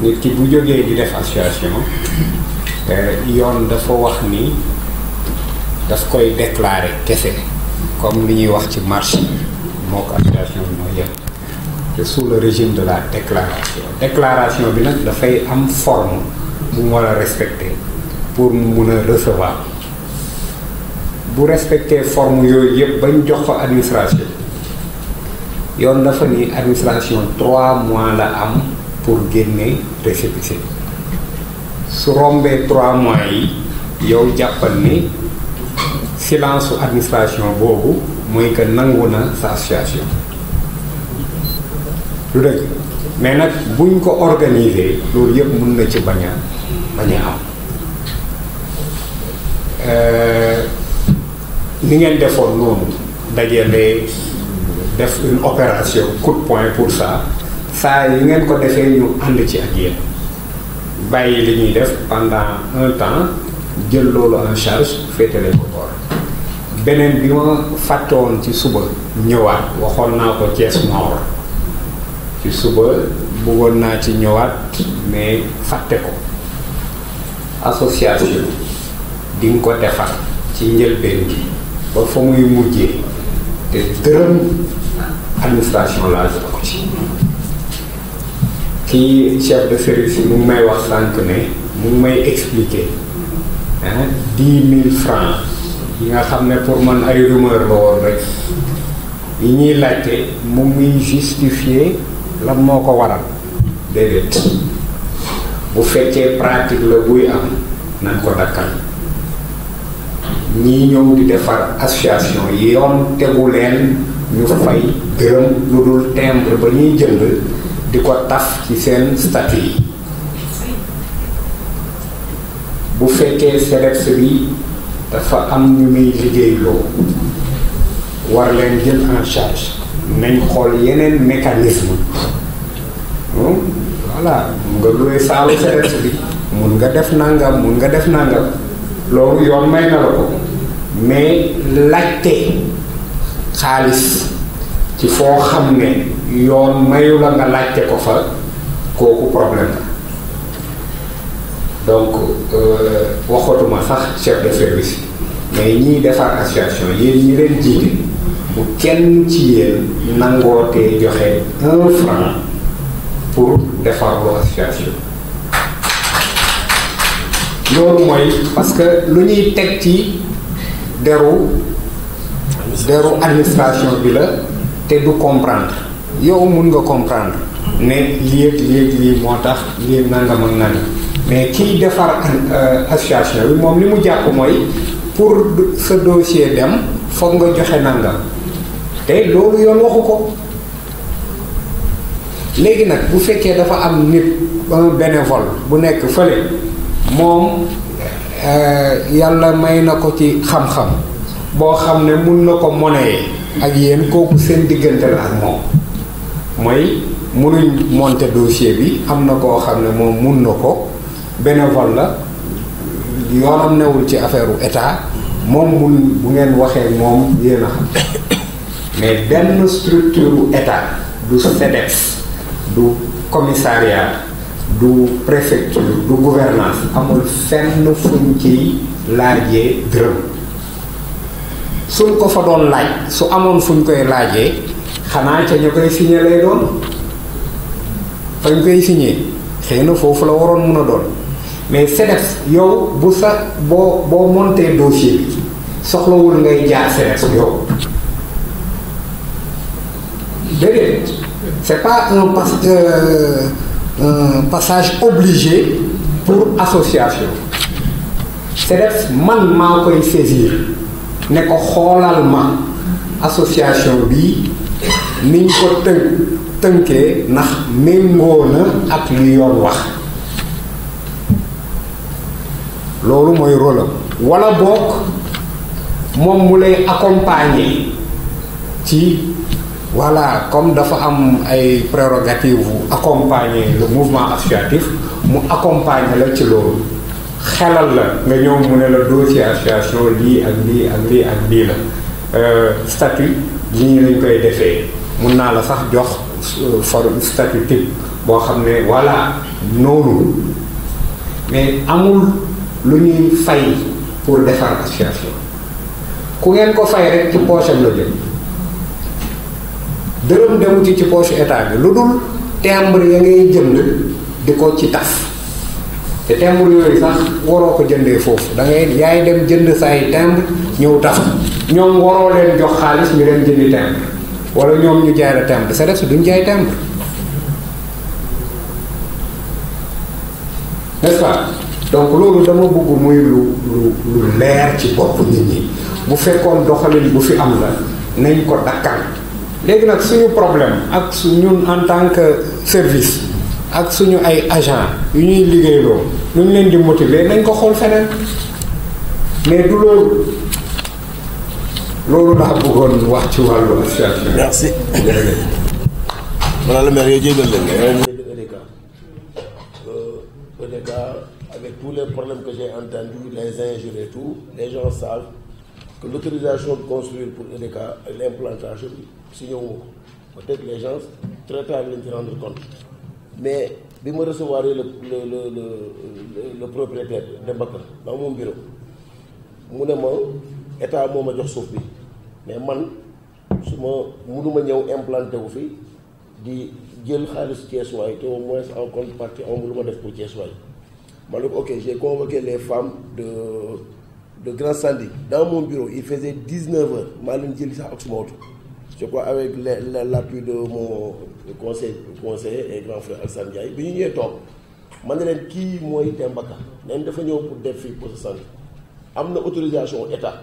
nit ki bu jógee di def association eh, yoon dafa wax ni daf koy déclarer kese comme li ñuy wax ci marché moo ko association bi moo yëpp te sous le régime de la déclaration déclaration bi nag dafay am forme bu mu war a respecter pour mu mun a recevoir bu respecter forme yooyu yëpp bañ jox ko administration yoon dafa ni administration trois mois la am pour génne récépissé su rombee trois mois yi yow jàppal ni silence su administration boobu mooy que nangu na sa association lu dëgg mais nag buñ ko organiser loolu yëpp mën na ci bañ a bañ a am euh, ni ngeen defoon noonu dajale def une opération coup de pour ça saa yi ngeen ko defee ñu ànd ci ak yéen bàyyi li ñuy def pendant un temps jël loolu en charge féetale ko koor beneen bi ma fàtte woon ci suba ñëwaat waxoon naa ko Thiès Mawar ci suba bëggoon naa ci ñëwaat mais fàtte ko association di ko defar ci njëlbeen gi ba fa muy mujjee te dërëm administration laa jot ko ci ci chef de service yi mu ngi may wax sànq ne mu ngi may expliquer ah dix mille francs yi nga xam ne pour man ay rumeur la woon rek yi ñuy laajte mu ngi justifier lan moo ko waral déedéet bu fekkee pratique la buy am nañ ko dakkal ñii ñëw di defar association yoon tegu leen ñu fay gërëm lu dul timbre ba ñuy jënd di ko taf ci seen statut bu fekkee CDEPS bi dafa am ñu muy liggéeyloo war leen jël en nañ xool yeneen mécanisme hmm? voilà mun nga luwee saalu CDEPS bi mun nga def nangam mun nga def nangam loolu yoon may na la ko mais laajte xaalis ci foo xam ne yoon mayu la nga laajte ko fa kooku problème la donc euh, waxatuma sax chef de service mais ñiy defar association yéen ñi leen jiite bu kenn ci yéen nangootee joxe un franc pour defarloo association loolu mooy parce que lu ñuy teg ci deru deru administration bi la te du comprendre yow mun nga comprendre ne lii ak lii moo tax lii nangam ak nangam mais kiy defar euh, association bi moom li mu jàpp mooy pour sa dossier dem foog nga joxe nangam te loolu yoon waxu ko léegi nag bu fekkee dafa am nit un bénévole bu nekk fële moom euh, yàlla may na ko ci xam-xam boo xam ne mun na ko monnayer ak yéen kooku seen diggante la ak moom mooy mënuñ monter dossier bi am na koo xam ne moom mun na ko bénévole la yoonam newul ci affaire u état moom mun bu ngeen waxee moom yéen a xam mais benn structure état du SEDEX du commissariat du préfecture du gouvernance amul fenn fuñ ciy laajee dërëm suñ ko fa doon laaj su amoon fuñ koy laajee xanaa ca ñu koy signé lay doon fañ koy signé xëy na foofu la waroon mun a doon mais CDEPS yow bu sa boo boo monté dossier bi soxlawul ngay jaar CDEPS yow déedéet c'est pas un pas euh, un euh, passage obligé pour association CDEPS man maa koy saisir ne ko xoolal ma association bi ni ñu ko tënk tënkee ndax méngoo na ak li yoon wax loolu mooy rôle am wala bokk moom mu lay accompagner ci voilà comme dafa am ay prérogative bu accompagner le mouvement associatif mu accompagner la ci loolu xelal la nga ñëw mu ne la dossier association lii ak lii ak lii ak lii la euh, statut li ñu lañ koy defee mun naa la sax jox euh, for statut type boo xam ne voilà noonu mais amul lu ñuy fay pour defar association ku ngeen ko fay rek ci poche am la jëm dërëm demu ci ci poche état bi lu dul timbre ya ngay jënd di ko ci taf te timbre yooyu sax waroo ko jëndee foofu da ngay yaay dem jënd say timbre ñëw taf ñoom waroo leen jox xaalis ñu leen jëndi timbre wala ñoom ñu jaay la timbre sa duñ jaay timbre n'est-ce pas donc loolu dama bëgg muy lu lu leer ci bopp nit ñi bu fekkoon doxalin bu fi am la nañ ko dakkal léegi nag suñu problème ak su ñun en tant que service ak suñu ay agent yu ñuy liggéeyloo lu ñu leen di motiver nañ ko xool feneen mais du loolu merci. Voilà le maire de jégal euh, euh, avec tous les problèmes que j'ai entendus les injures et tout les gens savent que l'autorisation de construire pour le et l'implantation si on peut-être les gens très tard vont se rendre compte mais si je recevoir le le le propriétaire de Mbaka dans mon bureau mon amour état moma jox souf bi mais man su ma ñew implanté wu fi di jël xaalis ties way to moins en contrepartie amul lu ma def pour ties way ne ok j'ai convoqué les femmes de de Grand sandi dans mon bureau il faisait 19 neuf heures maa leen jëli sax ak suma oto je crois avec l'appui de mon conseil conseiller et grand frère Alassane Ndiaye bi ñu ñëwee toog man ne leen ki moy tembaka Ka dafa ñëw pour def fii poste sandi amna autorisation état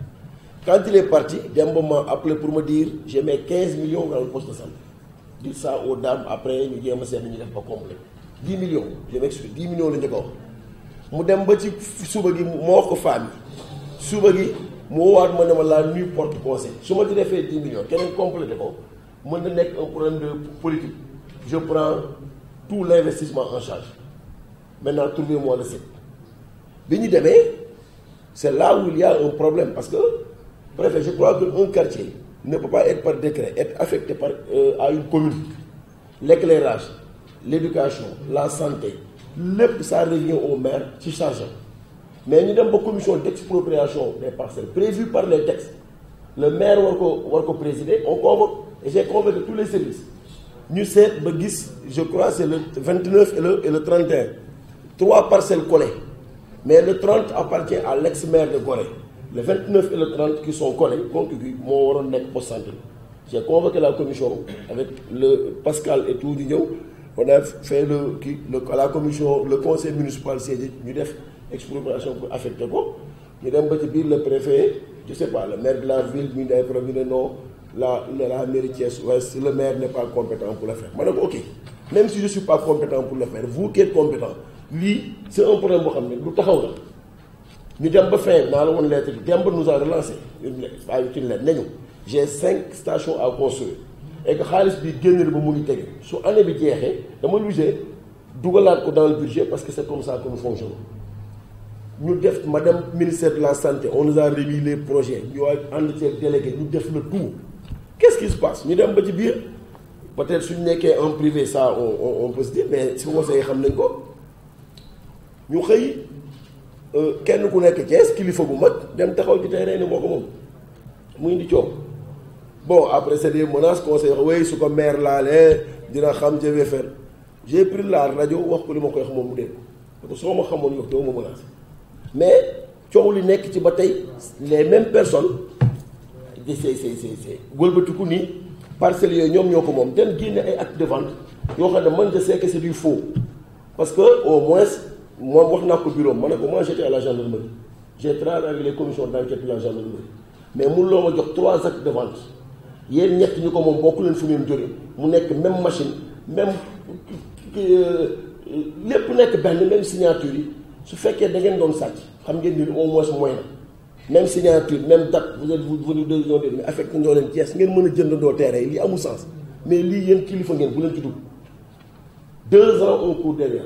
Quand il est parti, d'un m'a appelé pour me dire j'ai mis 15 millions dans le poste de santé. Dis ça aux dames après, nous disons c'est pas complet. 10 millions, je m'excuse, 10 millions le dégâts. mu dem ba ci suba gi famille. wax ko femme yi suba gi mu woowaat ma ne la nuit porte conseil Si ma ci fait 10 millions keneen complété ko mën na nekk un problème de politique je prends tout l'investissement en charge maintenant trouvez-moi le site le ñu C'est là où il y a un problème parce que Bref, je crois qu'un quartier ne peut pas être par décret, être affecté par, euh, à une commune. L'éclairage, l'éducation, la santé, ça revient au maire qui charge. Mais nous avons une commission d'expropriation des parcelles prévues par les textes. Le maire va le présider. j'ai convoqué tous les services. Nous sommes, je crois, c'est le 29 et le, et le 31. Trois parcelles collées. Mais le 30 appartient à l'ex-maire de Gorée le 29 et le 30 qui sont collés, donc moo waroon nekk au centre j'ai convoqué la commission avec le Pascal et tout on a fait le la commission le conseil municipal s'est dit def expropriation pour affecter quoi. ñu dem ba le préfet je ne sais pas le maire de la ville ñu day problème non la la mairie le maire n'est pas compétent pour le faire ok même si je ne suis pas compétent pour le faire vous qui êtes compétent lui c'est un problème pour xam ne nous avons nous a relancé j'ai stations à construire et que bi ngi su dans le budget parce que c'est comme ça que nous fonctionnons Nous avons fait de la santé on nous a remis les projets nous avons été délégués, nous avons le tout qu'est-ce qui se passe Nous avons ba ci peut-être en privé ça on peut se dire mais si euh, kenn ku nekk Thiès kilifa bu mag dem taxaw ci terrain ni moo ko moom muy indi coow bon après c'est des menaces conseil way su ko maire laalee dina xam je vais faire j'ai pris la radio wax ko li ma koy wax dégg parce que soo ma xamoon yow doo ma menacé mais coow li ci les mêmes personnes di see see see see wëlbatiku parcelles yooyu ñoom ñoo ay acte de vente c'est que c'est du faux parce que au moins moi, moi j'étais à la gendarmerie. J'ai travaillé avec les commissions d'enquête de la gendarmerie. Mais Moulon a trois actes de vente. Hier, nous avons beaucoup de fumée de même machine, même. Euh, lépp nekk benn même signature ce fait qu'il da ngeen doon sàcc xam ngeen ni au moins mooy na même signature même date vous êtes vous venez de zone mais affecté dans une pièce même le mën a jëndandoo terrain yi a amul sens mais lii yéen kilifa ngeen bu leen ci dugg deux ans au cours derrière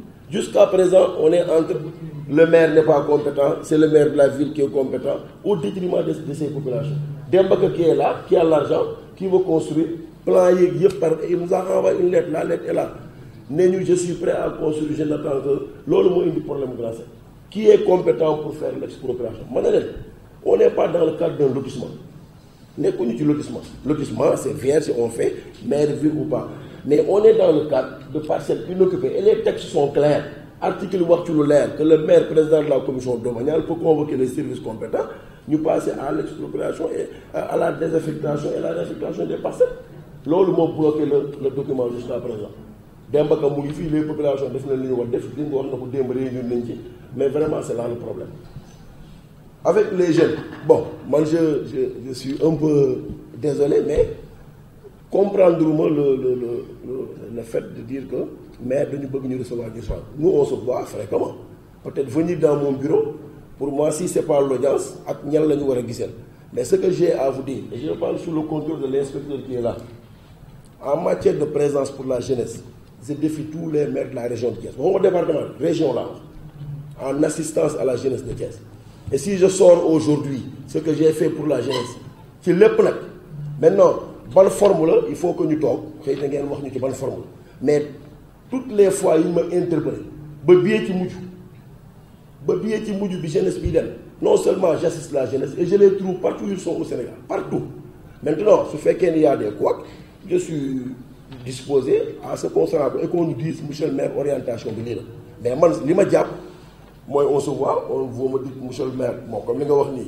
Jusqu'à présent, on est entre le maire n'est pas compétent, c'est le maire de la ville qui est compétent, au détriment de, de ces populations. Dembaka qui est là, qui a l'argent, qui veut construire, plan il nous a envoyé une lettre, la lettre est là. je suis prêt à construire, je n'attends que. L'autre du problème grâce. Qui est compétent pour faire l'expropriation On n'est pas dans le cadre d'un lotissement. On est connu du lotissement. Lotissement, c'est vierge, on fait, maire, ville ou pas mais on est dans le cadre de parcelles inoccupées et les textes sont clairs. Article Wachulolaire, que le maire, président de la commission domaniale, peut convoquer les services compétents, nous passer à l'expropriation et euh, à la désaffectation et à la réaffectation des parcelles. le mot bloqué le le document jusqu'à présent Demba Ka les populations def na li ñu mais vraiment c'est là le problème avec les jeunes bon moi je suis un peu désolé mais comprendre moi le le le le fait de dire que maire de nous recevoir nous on se voit fréquemment peut-être venir dans mon bureau pour moi si c'est pas l'audience ak nous mais ce que j'ai à vous dire je parle sous le contrôle de l'inspecteur qui est là en matière de présence pour la jeunesse je défie tous les maires de la région de Thiès mon département région là en assistance à la jeunesse de Thiès et si je sors aujourd'hui ce que j'ai fait pour la jeunesse Qui le nag maintenant bonne formule il faut que nous tombions. ngeen mais toutes les fois ils me interpellé ba bii ci que ba suis ci bi jeunesse non seulement j'assiste la jeunesse et je les trouve partout où ils sont au Sénégal partout maintenant ce fait qu'il y a des couacs je suis disposé à ce qu'on se concentrer et qu'on nous dise monsieur le maire orientation bi mais man li ma on se voit on vous me dites monsieur le maire comme vous nga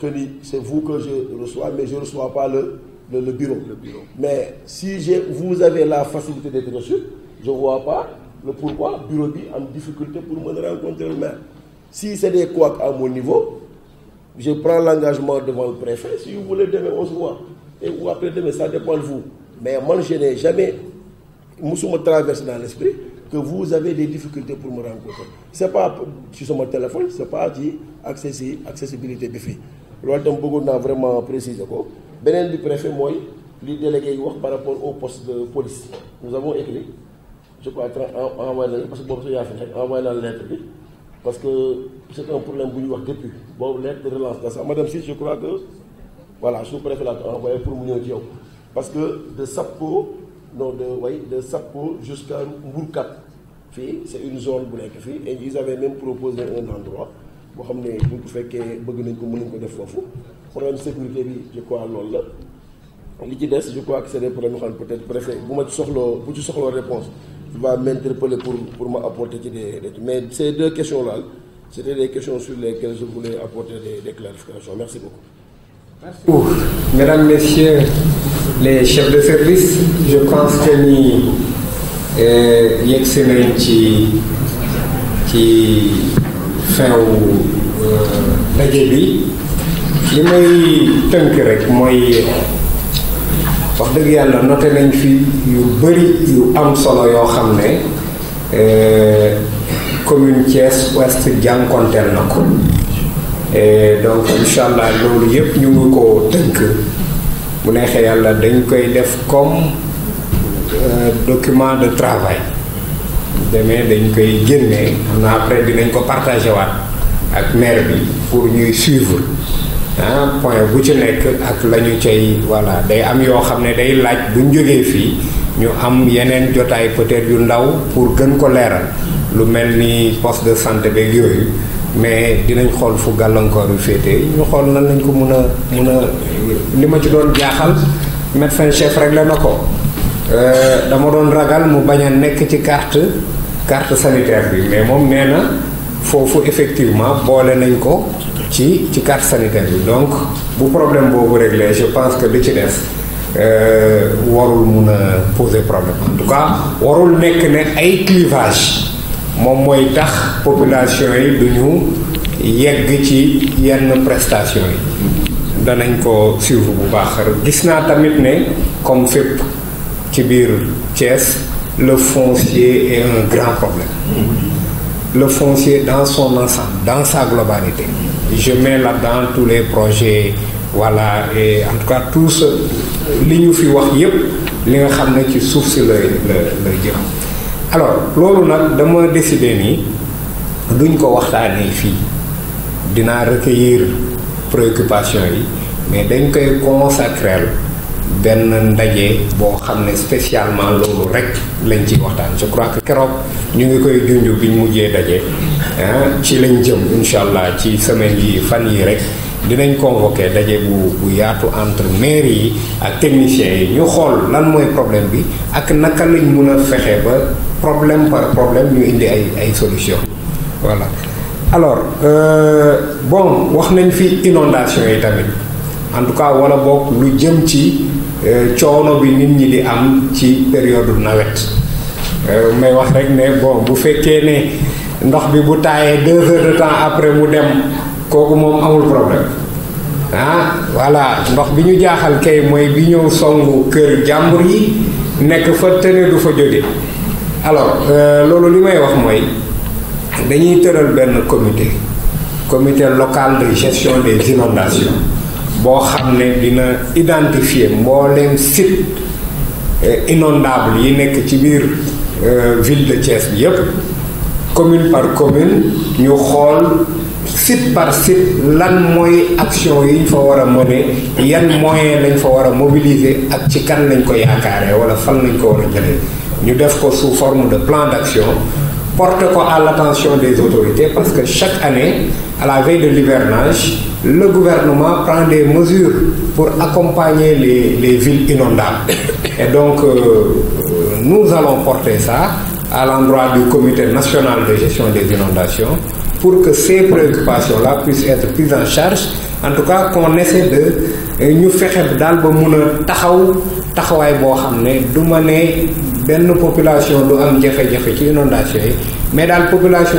que c'est vous que je reçois mais je ne reçois pas le le, bureau. le, bureau. Mais si vous avez la facilité d'être reçu, je ne vois pas le pourquoi bureau a en difficulté pour me rencontrer le Si c'est des couacs à mon niveau, je prends l'engagement devant le préfet. Si vous voulez demain, on se Et vous après demain, ça dépend de vous. Mais moi, je n'ai jamais, je me traverse dans l'esprit que vous avez des difficultés pour me rencontrer. C'est pas sur mon téléphone, c'est pas dit accessibilité, accessibilité. n'a vraiment préciser beneen bi préfet mooy li délégué wax par rapport au poste de police nous avons écrit je crois envoyé nañu parce que boobu sa fi lettre parce que c'est un problème bu nous wax depuis boobu lettre de relance da sax madame si je crois que voilà je préfet la ko envoyé pour mu ñëw parce que de Sappo non de way de jusqu'à Mbourkat c'est une zone bu nekk fii et ils avaient même proposé un endroit pour xam ne bu fekkee bëgg nañ ko mën nañ ko def problème sécurité je crois loolu je crois que c'est des problèmes qui peut-être préfet bu ci la réponse tu vas m'interpeller pour pour m'apporter des des mais ces deux questions là c'était des questions sur lesquelles je voulais apporter des, des clarifications merci beaucoup. Merci. mesdames, Messieurs les chefs de service, je pense que nous eh, yegg si ci ci fin euh, li may tënk rek mooy wax dëgg yàlla noté nañ fi yu bëri yu am solo yoo xam ne eh, commune Thiès Ouest jànkonteel na ko eh, donc incha allah loolu yëpp ñu ngi ko tënk bu neexee yàlla dañ koy def comme eh, document de travail demee dañ koy génnee xam na après dinañ ko partagé waat ak maire bi pour ñuy suivre ah point bu ci nekk ak lañu ñu cay voilà day am yoo xam ne day laaj buñ jógee fii ñu am yeneen jotaay peut yu ndaw pour gën ko leeral lu mel ni poste de santé beeg yooyu mais dinañ xool fu gàllankoor yu féete ñu xool nan lañ ko mën a mun a li ma ci doon jaaxal médecin rek réglé na ko euh, dama doon ragal mu bañ a nekk ci carte carte sanitaire bi mais moom nee na foofu effectivement boole nañ ko ci ci carte sanitaire bi donc bu problème boobu régler, je pense que li ci des euh, warul mun poser problème en tout cas warul nekk ne ay clivage moom mooy tax population yi du ñu yegg ci yenn prestation yi danañ ko suivre bu baax gis naa tamit ne comme fépp ci biir Thiès le foncier est un grand problème le foncier dans son ensemble dans sa globalité je mets là-dedans tous les projets voilà et en tout cas tout ce que nous fi wax yépp li nga sur le ci alors alors nous de dama décider ni duñ ko recueillir préoccupations, yi mais dañ koy consacrer benn ndaje boo xam ne spécialement loolu rek lañ ci waxtaan je crois que keroog ñu ngi koy junj biñ mujjee daje ah, ci lañ jëm insha allah ci semaine yi fan yi rek dinañ convoqué daje bu bu yaatu entre maire yi ak technicien yi ñu xool lan mooy problème bi ak naka lañ mun a fexe ba problème par problème ñu indi ay ay solution voilà alors euh, bon wax nañ fi inondation yi tamit en tout cas wala bok lu jëm ci Euh, coono bi nit ñi di am ci période nawet euh, may wax rek ne bon bu fekkee ne ndox bi bu taayee deux heures de temps après mu dem kooku moom amul problème ah voilà ndox bi ñu jaaxal kay mooy bi ñëw songu kër jàmbur yi nekk fa te ne du fa jóge alors euh, loolu li may wax mooy dañuy tëral benn comité comité local de gestion des inondations Nous avons identifié dina identifier inondables site eh, inondable yi a ci eh, ville de Thiès commune par commune nous site par site lan mooy action yi faut fa war mobiliser ak ci kan lañ ko faire, wala fan lañ ko sous forme de plan d'action porter à l'attention des autorités parce que chaque année à la veille de l'hivernage le gouvernement prend des mesures pour accompagner les, villes inondables. Et donc, euh, nous allons porter ça à l'endroit du Comité national de gestion des inondations pour que ces préoccupations-là puissent être prises en charge. En tout cas, qu'on essaie de nous euh, faire ba taxaw mais dans population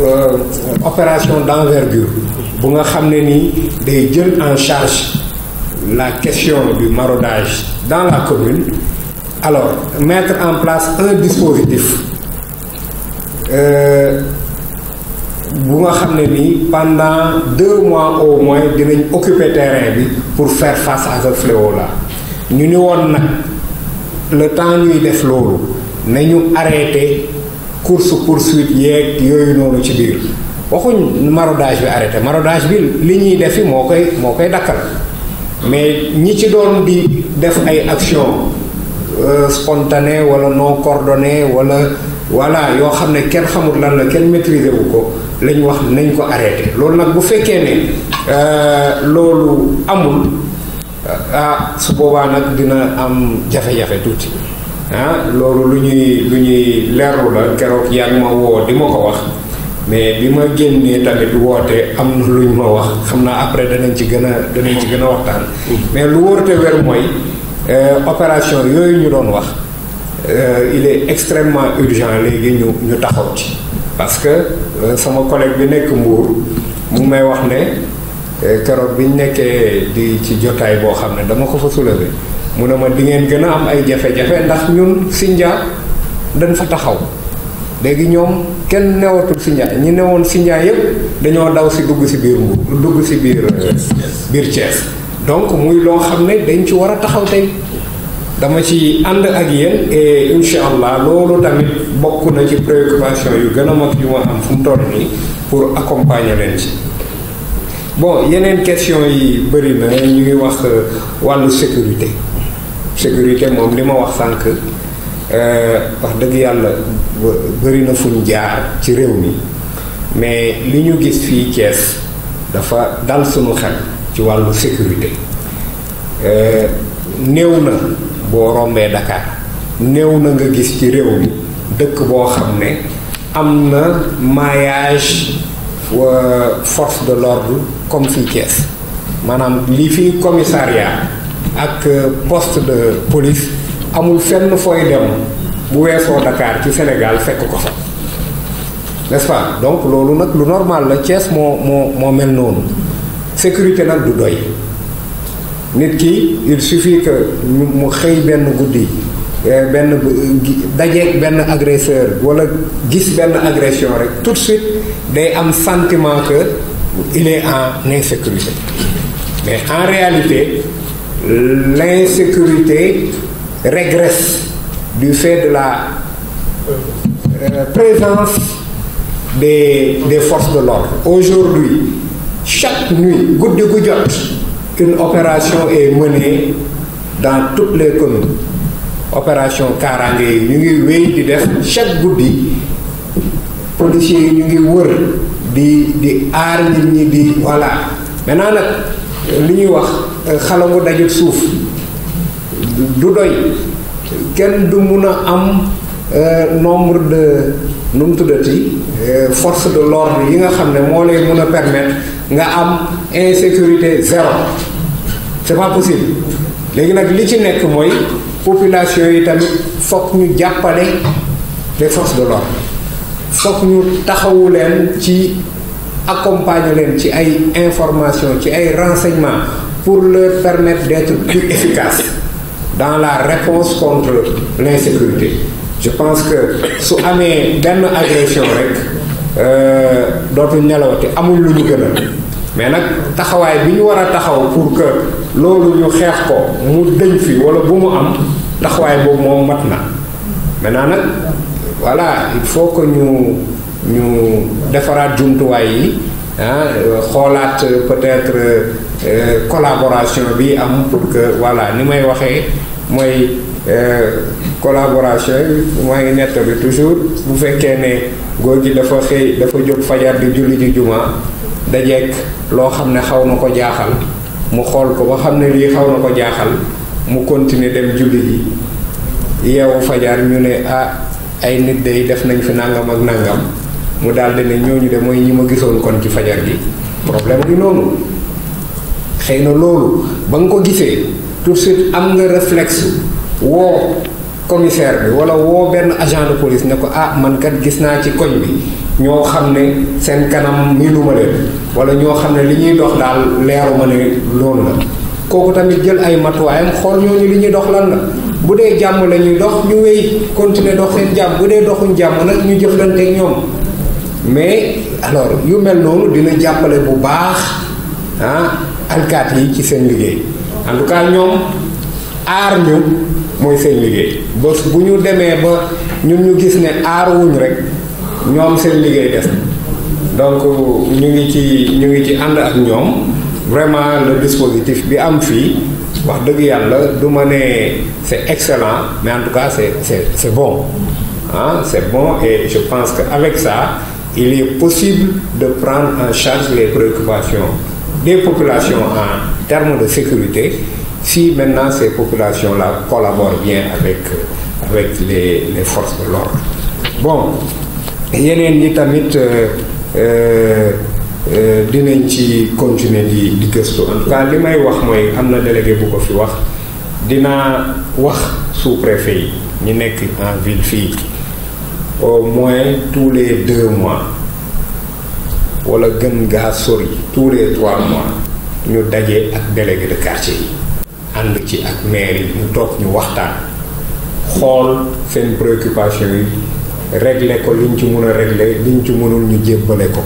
Euh, opération d'envergure bu nga des jeunes en charge la question du maraudage dans la commune alors mettre en place un dispositif euh, bu nga pendant deux mois au moins de occuper terrain pour faire face à ce fléau là ñu temps le temps ñuy def Nous avons arrêté course poursuite yeeg yooyu noonu ci biir waxuñ maraudage bi arrêté maraudage bi li ñuy def fi moo koy moo koy dakkal mais ñi ci doon di def ay action euh, spontanée wala non cordonné wala voilà yoo xam ne kenn xamul lan la kenn maîtriser wu ko lañu wax nañ ko arrêté loolu nag bu fekkee ne euh, loolu amul ah su boobaa nag dina am jafe-jafe tuuti. Ah, loolu lu ñuy lu ñuy leerlu la keroog yàgg ma woo di ma ko wax mais bi ma génnee tamit woote am na lu ñu ma wax xam naa après danañ ci gën a danañ ci gën a waxtaan. mais lu wóor te wér mooy euh, opération yooyu ñu doon wax euh, il est extrêmement urgent léegi ñu ñu taxaw ci. parce que euh, sama collègue bi nekk Mbour mu may wax ne keroog biñ nekkee di ci jotaay boo xam ne dama ko fa soulever. mu ne ma di ngeen gën a am ay jafe-jafe ndax ñun Sindia dañ fa taxaw léegi ñoom kenn newatul Sindia ñi newoon Sindia yépp dañoo daw si dugg si biir Mbuur dugg si biir euh, biir Thiès donc muy loo xam ne dañ ci war a taxaw tey dama ci ànd ak yéen et incha allah loolu tamit bokk na ci préoccupation yu gën a mag yu ma am fu mu toll nii pour accompagner leen ci bon yeneen question yi bëri na ñu ngi wax euh, wàllu sécurité sécurité moom li ma wax sànq euh, wax dëgg yàlla bëri na fuñ jaar ci réew mi mais li ñu gis fii Thiès dafa dal suñu xel ci wàllu sécurité euh, néew na boo rombee Dakar néew na nga gis ci réew mi dëkk boo xam ne am na maillage euh, force de l'ordre comme fii Thiès maanaam lii fii commissariat ak euh, poste de police amul fenn fooy dem bu weesoo Dakar ci Sénégal fekk ko fa n'est-ce pas donc loolu normal la Thiès moo moo moo mel noonu sécurité nag du doy nit il suffit que mu xëy benn guddi eh, benn dajeeg agresseur wala gis benn agression tout de suite day am sentiment que il est en insécurité mais en réalité l'insécurité régresse du fait de la euh, présence des, forces de l'ordre. Aujourd'hui, chaque nuit, goutte de goutte, une opération est menée dans toutes les communes. Opération Karangé, chaque policiers yi ngi voilà maintenant xalangu dajut suuf du doy kenn du mun a am euh, nombre de nu mu tuddati euh, force de l'ordre yi nga xam ne moo lay mun a permettre nga am insécurité zéro c'est pas possible léegi nag li ci nekk mooy population yi tamit fokk ñu jàppale de forces de l'ordre fokk ñu taxawu leen ci accompagner leen ci ay information ci ay renseignement pour leur permettre d'être plus efficaces dans la réponse contre l'insécurité. Je pense que su a benn agression rek euh, dootuñ nelawati amul lu ñu mais nag taxawaay bi ñu war a taxaw pour que loolu ñu xeex ko mu dëñ fi wala bu mu am taxawaay boobu moom mat na maintenant nag voilà il faut que ñu ñu defaraat jumtuwaay yi ah xoolaat peut-être euh, Euh, collaboration bi am pour que voilà ni may waxee mooy euh, collaboration yi mooy bi toujours bu fekkee ne góor gi dafa xëy dafa jóg fajar di julli ji juma dajeek loo xam ne xaw na ko jaaxal mu xool ko ba xam ne lii xaw na ko jaaxal mu continuer dem julli ji yeewu fajar ñu ne ah ay nit day def nañ fi nàngam ak nàngam mu daldi ne ñooñu de mooy ñi ma gisoon kon ci fajar gi problème bi noonu xëy na loolu ba nga ko gisee tout de suite am nga réflexe woo commissaire bi wala woo benn agent de police ne ko ah man kat gis naa ci koñ bi ñoo xam ne seen kanam miinuma leen wala ñoo xam ne li ñuy dox daal leeruma ne loolu la kooku tamit jël ay matuwaayam xool ñooñu li ñuy dox lan la bu dee jàmm la ñuy dox ñu wéy continuer dox seen jàmm bu dee doxuñ jàmm nag ñu jëflanteeg ñoom mais alors yu mel noonu dina jàppale bu baax ah, alkaat yi ci seen liggéey en tout cas ñoom aar ñu mooy seen liggéey bés bu ñu demee ba ñun ñu gis ne aar wuñ rek ñoom seen liggéey def donc ñu ngi ci ñu ngi ci ànd ak ñoom vraiment le dispositif bi am fii wax dëgg yàlla du ma ne c'est excellent mais en tout cas c'est c'est c'est bon ah c'est bon et je pense que avec ça il est possible de prendre en charge les préoccupations des populations en termes de sécurité si maintenant ces populations-là collaborent bien avec, euh, les, forces de l'ordre. Bon, a tamit euh, euh, dinañ ci continuer en tout cas dire, délégué bu ko fi wax dire, en ville au moins tous les deux mois wala gën gaa sori tous les trois mois ñu dajee ak délégué de quartier yi ànd ci ak maire yi ñu toog ñu waxtaan xool seen préoccupation yi régler ko liñ ci mun a li ñu ci mënul ñu jébbale ko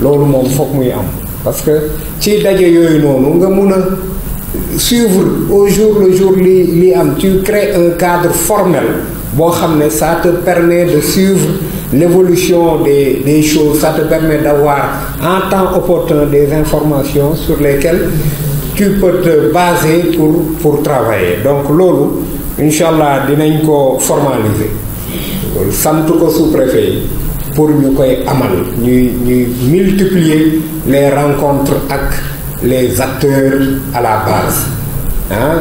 loolu moom foog muy am parce que ci daje yooyu noonu nga mun a suivre au jour jour li li am ci crées un cadre formel boo xam ne ça te permet de suivre l'évolution des, choses, ça te permet d'avoir en temps opportun des informations sur lesquelles tu peux te baser pour, travailler. Donc l'OLU, inshallah dinañ ko formaliser santo ko sous-préfet pour nous, amal Nous multiplier les rencontres avec les acteurs à la base hein,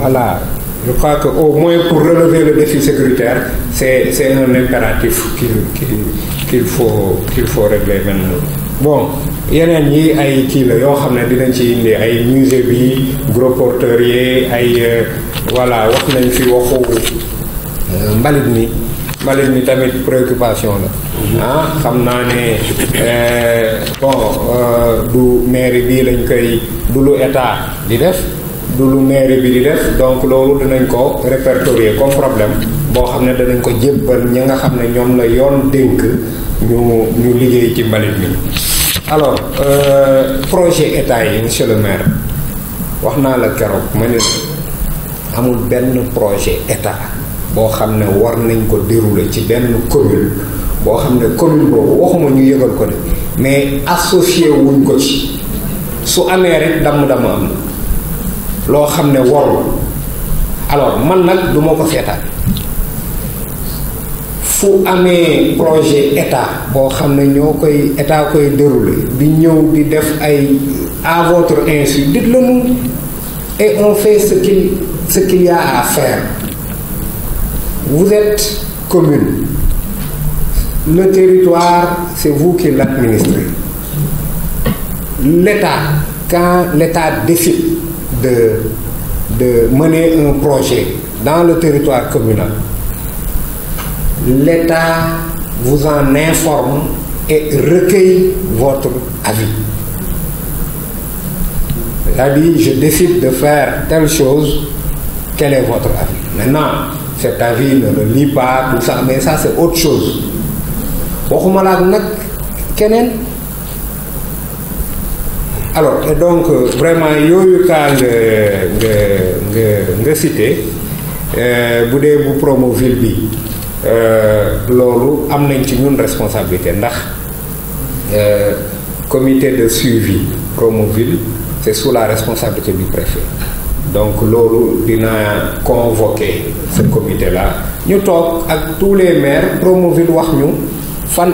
voilà je crois qu'au moins pour relever le défi sécuritaire, c'est c'est un impératif qu'il qu faut, qu faut régler maintenant. Bon, yeneen yi ay kii la yoo xam ne dinañ ci indi ay musée bi gros porteurs yi ay euh, voilà wax nañ fi waxu euh, mbalit mi mbalit mi tamit préoccupation la ah xam naa ne euh, bon du mairie bii lañ koy du l'État, état def du lu maire bi di def donc loolu dinañ ko répertorier comme problème boo xam ne danañ ko jébbal ñi nga xam ne ñoom la yoon dénk ñu ñu liggéey ci mbalit mi alors euh, projet état yi monsieur le maire wax naa la keroog ma amul benn projet état boo xam ne war nañ ko dérouler ci benn commune boo xam ne commune boobu waxuma ñu yëgal ko ne mais associé wuñ ko ci su amee rek damm-damm am lo xamné ne alors man Il faut ko fu projet état pour xamné ne koy état koy dérouler di di def ay à votre insu dites-le nous et on fait ce qu'il ce qu'il y a à faire vous êtes commune le territoire c'est vous qui l'administrez l'état quand l'état décide de, de mener un projet dans le territoire communal, l'État vous en informe et recueille votre avis. Il dit, je décide de faire telle chose, quel est votre avis Maintenant, cet avis ne le lit pas, tout ça, mais ça c'est autre chose. Alors, et donc, euh, vraiment, il cas de, eu de cité euh, bu euh, responsabilité le comité de suivi Promoville c'est sous la responsabilité du préfet donc lolu dina convoqué ce comité là Nous avons tous les maires Promoville wax ñu fan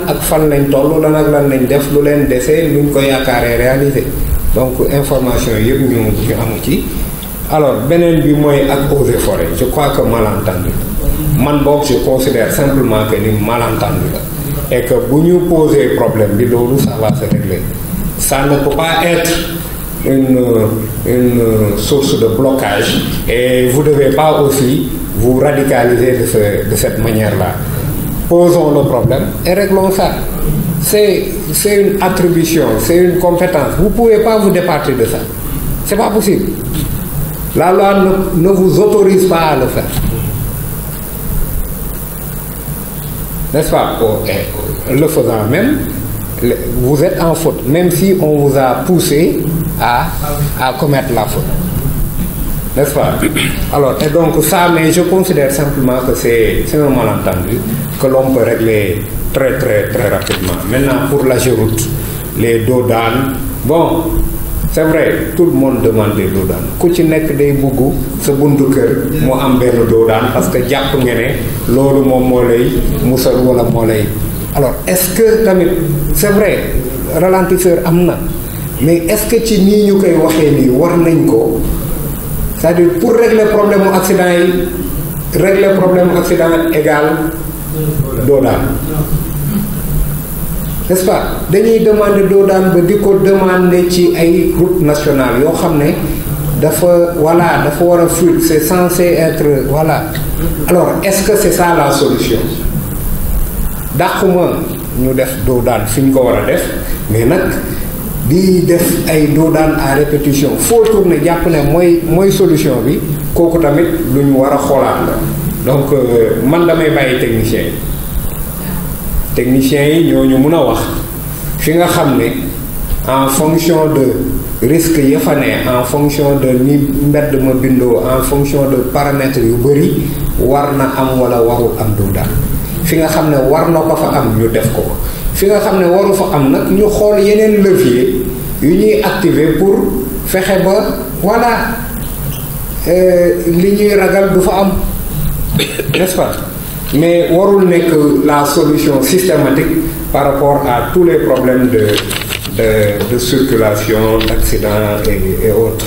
donc information yëpp ñu ñu am ci alors beneen bi mooy ak forêt. je crois que malentendu je considère simplement que ni malentendu et que vous ñu posez problème bi ça va se régler ça ne peut pas être une source de blocage et vous devez pas aussi vous radicaliser de cette manière là posons le problème et réglons ça. C'est une attribution, c'est une compétence. Vous ne pouvez pas vous départir de ça. Ce n'est pas possible. La loi ne, vous autorise pas à le faire. N'est-ce pas euh, Le faisant même, vous êtes en faute, même si on vous a poussé à, à commettre la faute. N'est-ce pas Alors, et donc ça, mais je considère simplement que c'est un malentendu que l'on peut régler très très très rapidement. Maintenant, pour la géroute, les dos d'âne, bon, c'est vrai, tout le monde demande des dos d'âne. ku ci nekk day bugg sa dos d'âne parce que jàpp nga de loolu moom moo lay musal wala alors est-ce que c'est vrai ralentisseur Amna. mais est-ce que ci nii ñu koy c'est-à-dire pour régler le problème accident régler régler problème accident égal dodan n'est-ce pas dañuy demander dodan ba diko demander ci ay route nationale yo xamné dafa voilà dafa wara a c'est censé être voilà alors est-ce que c'est ça la solution dakhuma ñu def doodaan fi ñu ko wara def mais nak di def ay doodaan à répétition faut tourner japp ne moy moy solution bi koku tamit lu wara war la donc euh, man damay bàyyi techniciens yi techniciens yi ñooñu mun a wax fi nga xam ne en fonction de risque ya fa ne en fonction de ni mbedd ma bindoo en fonction de paramètre yu bëri war na am wala warul am du fi nga xam ne war na ko fa am ñu def ko fi nga xam ne waru fa am nag ñu xool yeneen levier yu ñuy activer pour fexe ba voilà euh, li ñuy ragal du fa am n'est-ce pas Mais warul que la solution systématique par rapport à tous les problèmes de, de, de circulation, d'accidents et, et autres.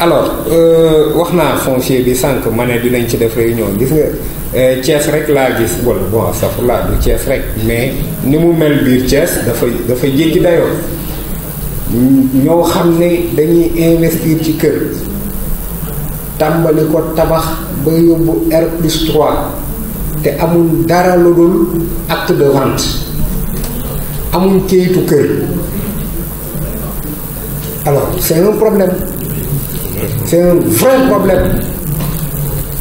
alors on euh, a foncier des sangs que ne dinañ ci def réunion gis nga euh, Thiès rek la gis bon bon ça pour du Thiès rek mais ni mu mel biir Thiès da fay jéggi dayo ñoo xamné dañuy investir ci kër ba R acte de vente amul alors c'est un problème c'est un vrai problème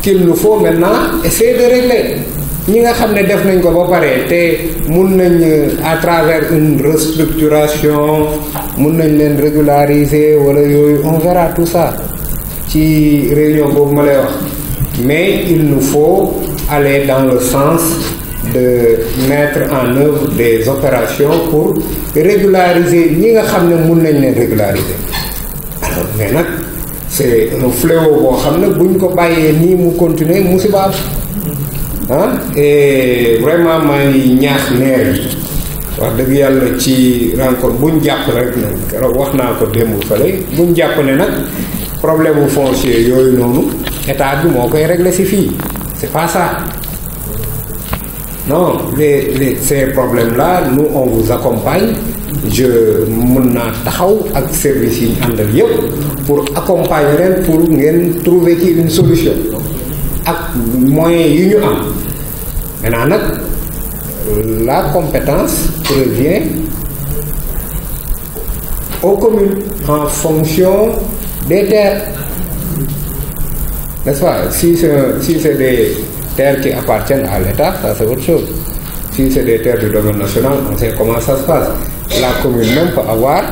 qu'il nous faut maintenant essayer de régler ñi nga def nañ ko ba euh, à travers une restructuration mun on verra tout ça ci réunion boobu ma wax mais il nous faut aller dans le sens de mettre en œuvre des opérations pour régulariser ñi nga xam ne mun nañ leen régulariser alors mais nag c'est un fléau boo xam ne buñ ko bàyyee nii mu continuer musiba ah et vraiment ma ngi ñaax pas yi wax dëgg yàlla ci rencontre buñ jàpp rek nag wax naa ko démb fële buñ jàpp ne nag problème fonctionnel foncier yooyu noonu état bi moo koy régler si c'est pas ça non ces problèmes là nous on vous accompagne je m'en naa taxaw ak service yi pour accompagner pour trouver une solution ak moyen yi ñu maintenant euh, la compétence revient aux communes en fonction des terres. N'est-ce pas Si c'est des terres qui appartiennent à l'État, ça c'est autre chose. Si c'est des terres du domaine national, on sait comment ça se passe. La commune même peut avoir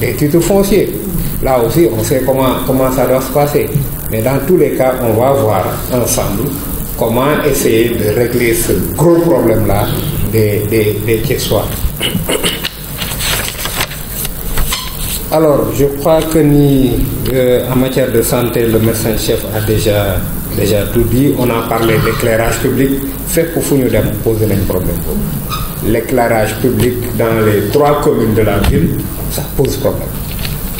des titres fonciers. Là aussi, on sait comment, comment ça doit se passer. Mais dans tous les cas, on va voir ensemble comment essayer de régler ce gros problème-là des, des, des alors, je crois que ni euh, en matière de santé, le médecin-chef a déjà, déjà tout dit. On a parlé d'éclairage public. Fait pour nous poser un problème. L'éclairage public dans les trois communes de la ville, ça pose problème.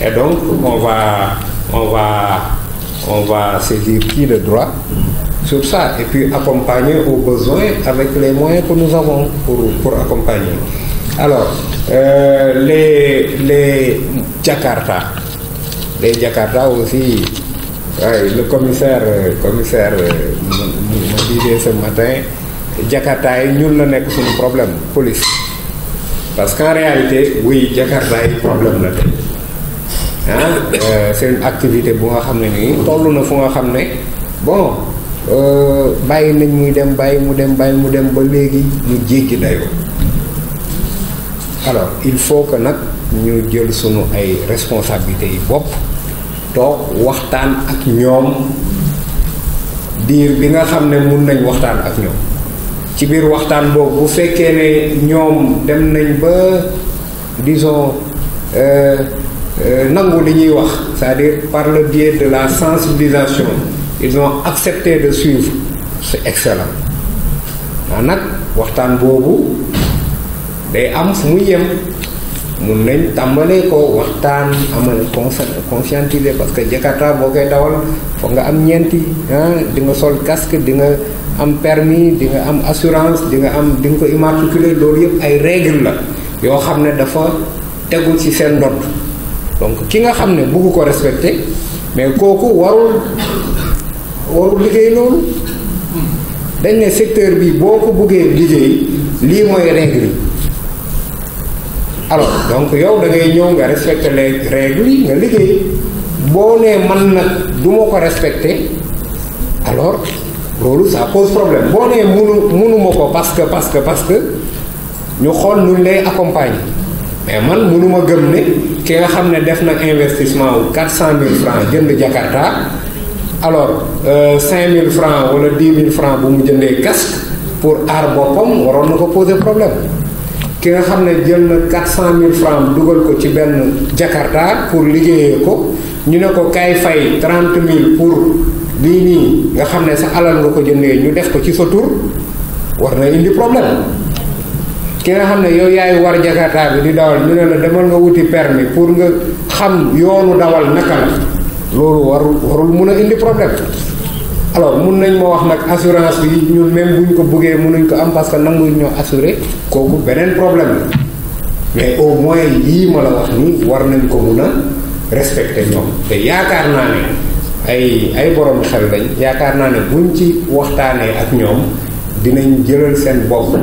Et donc, on va, on va, on va saisir qui le droit sur ça et puis accompagner aux besoins avec les moyens que nous avons pour accompagner. Alors, euh, les, les Jakarta, les Jakarta aussi, ouais, le commissaire, euh, commissaire me, euh, me disait ce matin, Jakarta est nul n'est que problème, police. Parce qu'en réalité, oui, Jakarta est problème là ah euh, c'est activité bu nga xam ne nii tollu na fu nga xam ne bon bàyyi nañ muy dem bàyyi mu dem bàyyi mu dem ba léegi mu jéggi dayoo. alors il faut que nous ñu jël sunu responsabilités nous ak bi nga nañ waxtaan ak ci biir waxtaan bu dem nañ disons euh, euh, c'est-à-dire par le biais de la sensibilisation ils ont accepté de suivre c'est excellent waxtaan day am fu muy yem mun nañ tàmbalee ko waxtaan amal conscientiser parce que Jakarta boo koy dawal foog nga am ñeenti ah di nga sol casque di nga am permis di nga am assurance di nga am di nga ko immatriculé loolu yëpp ay règle la yoo xam ne dafa tegul ci seen ndodd donc ki nga xam ne bugg ko respecté mais kooku warul warul liggéey loolu dañ ne secteur bi boo ko buggee liggéey lii mooy règle yi alors donc yow da ngay ñëw nga respecter les règles yi nga liggéey boo nee man nag du ma ko respecter alors loolu ça pose problème boo nee munu munuma ko parce que parce que parce que ñu xool nuñ lay accompagner mais man munuma gëm ne ki nga xam ne def na investissement wu 400000 francs jënd Jakarta alors euh, mille francs wala 10 mille francs bu mu jëndee casque pour aar boppam waroon na ko poser problème. ki nga xam ne jël na quatre cent mille francs dugal ko ci benn jakarta pour liggéeyee ko ñu ne ko kay fay trente mille pour lii nii nga xam ne sa alal nga ko jëndee ñu def ko ci sa tur war na indi problème ki nga xam ne yow yaay war jakarta bi di dawal ñu ne la demal nga wuti permis pour nga xam yoonu dawal naka la loolu waru warul mun a indi problème alors mun nañ moo wax nag assurance yi ñun même bu ñu ko buggee mënuñ ko am parce que nanguñ ñoo assuré kooku beneen problème la mais au moins yii ma la wax ni war nañ ko mun a respecté ñoom te yaakaar naa ne ay ay borom xel lañ yaakaar naa ne buñ ci waxtaanee ak ñoom dinañ jëlal seen bopp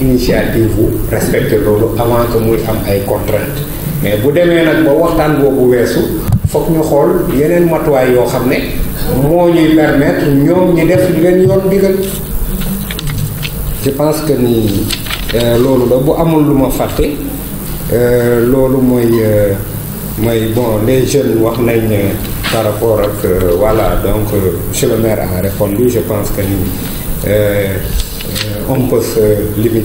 initiative bu respecté loolu avant que muy am ay contrainte mais bu demee nag ba waxtaan boobu weesu foog ñu xool yeneen matuwaay yoo xam ne moo ñuy permettre ñoom ñu def li leen yoon digal je pense que ni euh, loolu la bu amul lu ma fàtte euh, loolu mooy euh, mooy bon les jeunes wax nañ par rapport ak voilà donc monsieur le maire a répondu je pense que ni euh, on peut se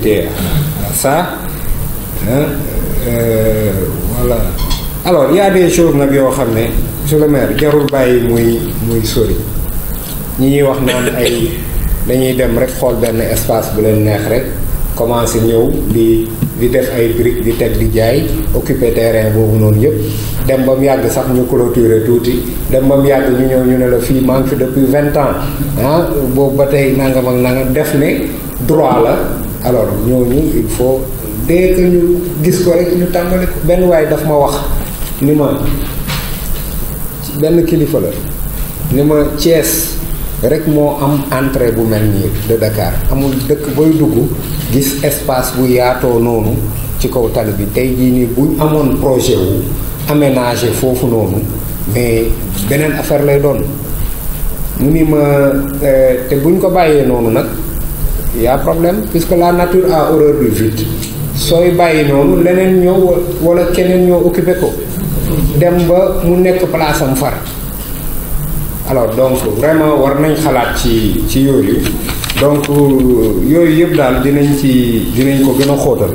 à, à ça alors il y a nag yoo xam ne. monsieur le maire jarul bàyyi muy muy sori ñi ñuy wax naan ay dañuy dem rek xool benn espace bu leen neex rek commencé ñëw di di def ay briques di teg di jaay occupé terrain boobu noonu yëpp dem ba mu yàgg sax ñu clôturer tuuti dem ba mu yàgg ñu ñëw ñu ne la fii maa ngi fi depuis vingt ans ah boobu ba tey nangam ak nangam def ne droit la alors ñooñu il faut dès que ñu gis ko rek ñu tàmbali ko benn waay daf ma wax ni ma. benn kilifa la ni ma Thiès rek moo am entrée bu mel nii de Dakar amul dëkk booy dugg gis espace bu yaatoo noonu ci kaw tali bi tey jii nii buñ amoon projet wu aménager foofu noonu mais beneen affaire lay doon mu ni ma euh, te buñ ko bàyyee noonu nag y a problème puisque la nature a horreur du sooy bàyyi noonu leneen ñëw wala keneen ñoo occupé ko dem ba mu nekk place am far alors donc vraiment war nañ xalaat ci ci yooyu donc yooyu yëpp daal dinañ ci dinañ ko gën a xootal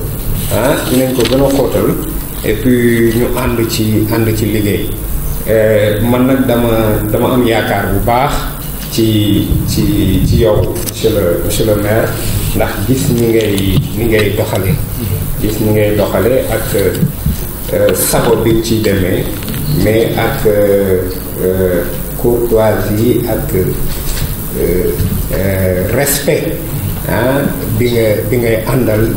ah dinañ ko gën a xootal et ñu ànd ci ànd ci liggéey euh, man nag dama dama am yaakaar bu baax ci ci ci yow monsieur le monsieur le maire ndax gis ni ngay ni ngay doxale gis ni ngay doxale ak Euh, sago bi ci demee mais ak euh, euh, courtoisie ak respect ah bi nga bi ngay àndal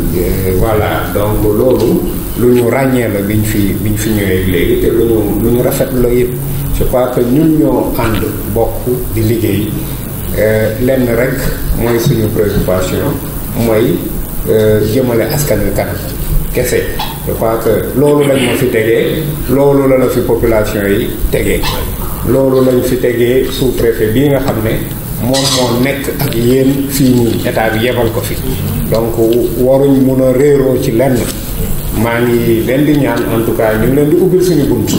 voilà donc loolu lu ñu ràññee la biñ fi biñ fi ñëwee léegi te lu lu ñu rafetlu la yëpp je crois que ñun ñoo ànd bokk di liggéey lenn rek mooy suñu préoccupation mooy jëmale askan wi kanam kese je crois que loolu lañ ma fi tegee loolu la fi population yi tegee loolu lañ fi tegee sous préfet bii nga xam ne moom moo nekk ak yéen fii nii état yebal ko fi donc waruñ mun a réeroo ci lenn maa ngi leen di ñaan en tout cas ñu ngi leen di ubbil suñu bunt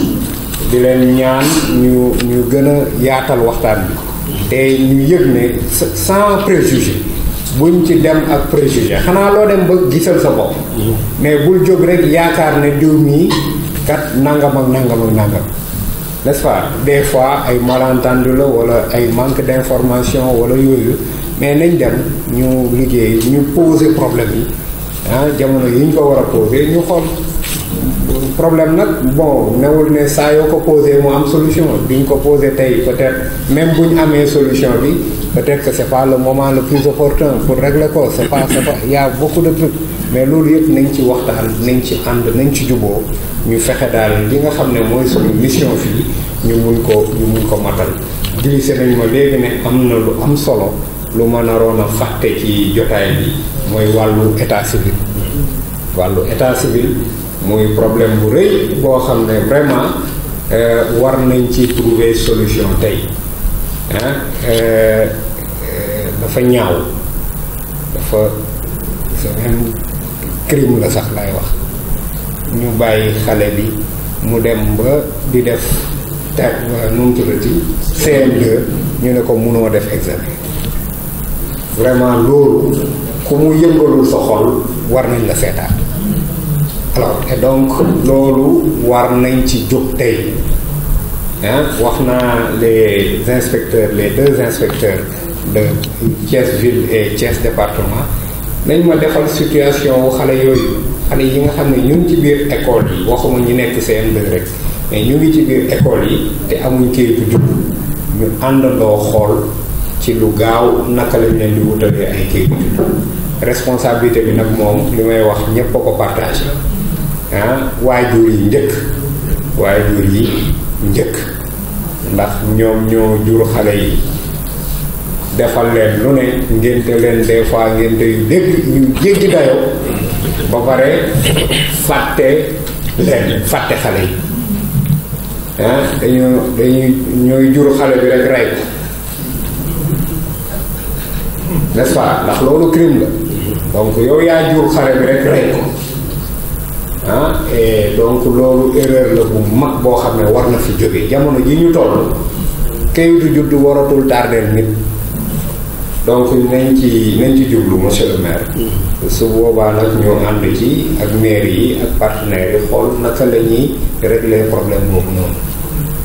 di leen ñaan ñu ñu gën a yaatal waxtaan bi te ñu yëg ne sans préjugé buñ ci dem ak préjugé xanaa loo dem ba gisal sa bopp mais bul jóg rek yaakaar ne diw mii kat nangam ak nangam ak nangam n'est-ce pas des fois ay malentendu la wala ay manque d'information wala yooyu mais nañ dem ñu liggéey ñu poser problème yi ah jamono yi ñu ko war a poser ñu xool problème nag bon newul ne saa yoo ko poser mu am solution bi ñu ko poser tey peut-être même bu ñu amee solution bi peut-être que c'est pas le moment le plus opportun pour régler ko c'est pas c'est pas il y a beaucoup de trucs mais loolu yëpp nañ ci waxtaan nañ ci ànd nañ ci juboo ñu fexe daal li nga xam ne mooy suñu mission fii ñu mun ko ñu mun ko matal glissé nañ ma léegi ne am na lu am solo lu ma naroon a fàtte ci jotaay bi mooy wàllu état civil wàllu état civil muy problème bu rëy boo xam ne vraiment euh, war nañ ci trouver solution tey euh, dafa ñaaw dafa c'est même crime la sax lay wax ñu bàyyi xale bi mu dem ba di def ta euh, nu mu tuddati ñu ne ko munoo def examen vraiment loolu ku mu yëngalul sa xol war nañ la seetaan alors et donc loolu war nañ ci jóg tey ah wax naa les inspecteurs les deux inspecteurs de Thiès ville et Thiès département nañ ma defal situation wu xale yooyu xale yi nga xam ne ñu ngi ci biir école yi waxuma ñu nekk CM2 rek mais ñu ngi ci biir école yi te amuñ këyitu jub ñu àndandoo xool ci lu gaaw naka lañ leen di wutalee ay këyitu jub responsabilité bi nag moom li may wax ñépp a ko partagé ah waajur yi njëkk waajur yi njëkk ndax ñoom ñoo jur xale yi defal leen lu ne ngénte leen des fois ngénte yu dégg yu jéggi dayoo ba pare fàtte leen fàtte xale yi ah dañu dañuy ñooy jur xale bi rek rey ko nest ndax loolu crime la donc yow yaa jur xale bi rek rey ko ah loolu erreur la bu mag boo xam ne war na fi jógee jamono ji ñu toll kayitu juddu waratul tardeel nit donc nañ ci nañ ci jublu monsieur le maire. Mm. su boobaa nag ñu ànd ci ak maire yi ak partenaires yi xool naka la ñuy régler problème boobu noonu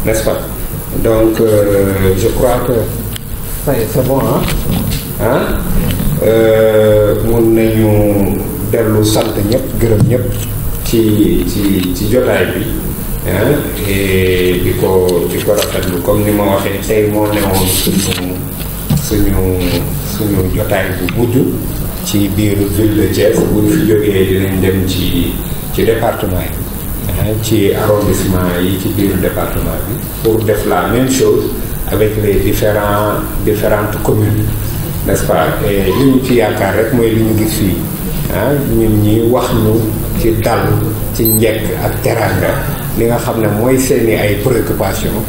n'est-ce donc euh, je crois que c'est bon ah ah mun nañu dellu sant ñëpp gërëm ñëpp ci ci ci jotaay bi ah et di ko di ko rafetlu comme ni ma waxee tey moo newoon suñu. suñu suñu jotaay bu mujj ci biir ville de Thiès bu fi jógee dinañ dem ci ci département yi ah, ci arrondissement yi ci biir département bi pour def la même chose avec les différents différentes communes n'est-ce pas et li ñu ci yaakaar rek mooy li ñu gis fii ah, ñun ñi wax ñu ci dal ci njekk ak teranga li nga xam ne mooy seeni ay préoccupations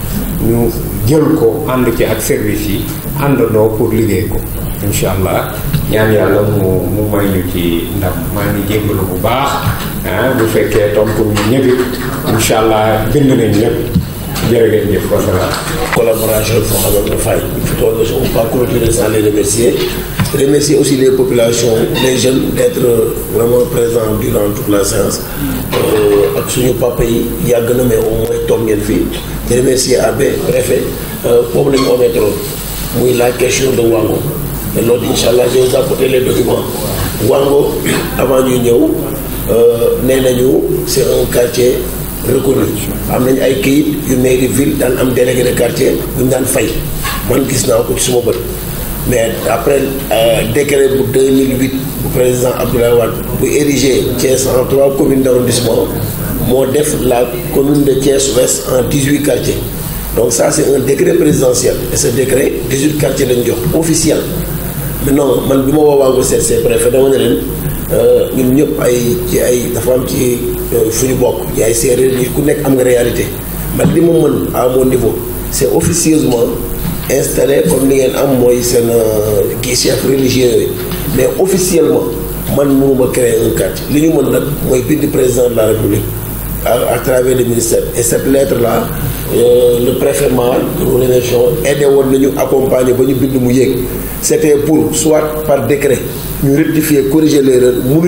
ñu jël ko ànd ci ak service yi àndandoo pour liggéey ko incha allah ñaan yàlla mu mu may ñu ci ndam maa ngi jéggalu bu baax ah bu fekkee tontu ñu ñëpp incha allah bind nañ ñëpp. jërëjëf wasalaam. collaboration bi nga xamante ne Faye fi toog aussi on va continuer sans les remercier aussi les populations les jeunes d' être vraiment présents durant toute la séance euh, ak suñu papa yi yàgg na mais au moins fii. Je remercier Abbé, préfet pour le métro, Oui, la question de Wango te Inch'Allah, je vous apporte les documents Wango avant de euh, venir, c'est un quartier reconnu am nañu ay kayit mairie ville dans am délégué de quartier bu a daan fay man gis mais après euh, décret de 2008 le président Abdoulaye Wad, pour ériger Thiès en trois communes d'arrondissement def la commune de Thiès-Ouest en 18 quartiers donc ça c'est un décret présidentiel et ce décret 18 quartiers lañ officiel maintenant je ne vais pas vous c'est préfet dama ne leen euh, ñun ñëpp ay ci ay dafa am ci euh, fu bokk qui ku am nga réalité mais li que à mon niveau c'est officiellement installé comme un homme euh, chef religieux mais officiellement man crée créer un quartier li ñu mën nag président de la république à, travers le ministère. Et cette lettre-là, euh, le préfet Mal, aidez régions, aidé à accompagner, C'était pour, soit par décret, nous rectifier, corriger l'erreur, nous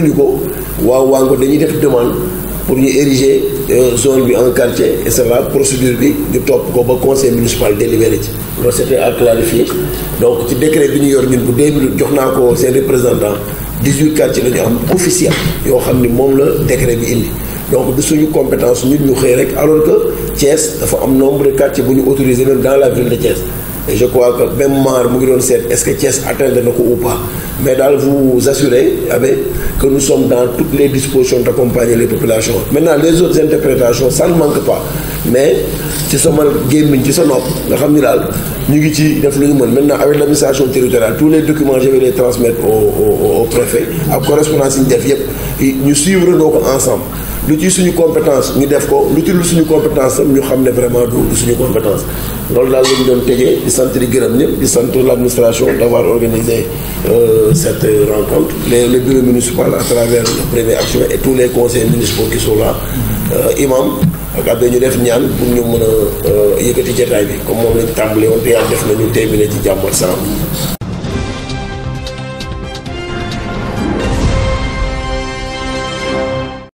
avons des demandes pour nous ériger euh, zone en quartier et c'est la procédure du top top ko conseil municipal délibéré Donc c'était à clarifier donc le décret bi ñu yor nous bu représentant 18 quartiers officiels, ñu am officiel yoo xam ni décret donc du suñu compétence nous ñu xëy alors que Thiès a un nombre de quartiers qui ñu autorisés dans la ville de Thiès et je crois que même Mar, mu ngi sait est-ce que Thiès atteint na ou pas mais dans vous assurez avec que nous sommes dans toutes les dispositions d'accompagner les populations maintenant les autres interprétations ça ne manque pas mais ci sama gémmiñ ci sa nopp nga xam ni ñu maintenant avec l'administration territoriale tous les documents je vais les transmettre au au au préfet à correspondance yi ñu nous yëpp ñu ensemble lu ci suñu compétences, ñu def ko lu ci lu suñu compétence ñu xam vraiment du du suñu compétence loolu daal la ñu doon tegee di sant di gërëm ñëpp di sant administration d' avoir organisé euh, cette rencontre les le bureau municipal à travers le premier action et tous les conseils municipaux qui sont là euh, imam ak abbé ñu def ñaan pour ñu mën a euh, yëkkati jataay bi comme moom lañ tàmbalee woon te yàlla def na ñu terminé ci jàmm ak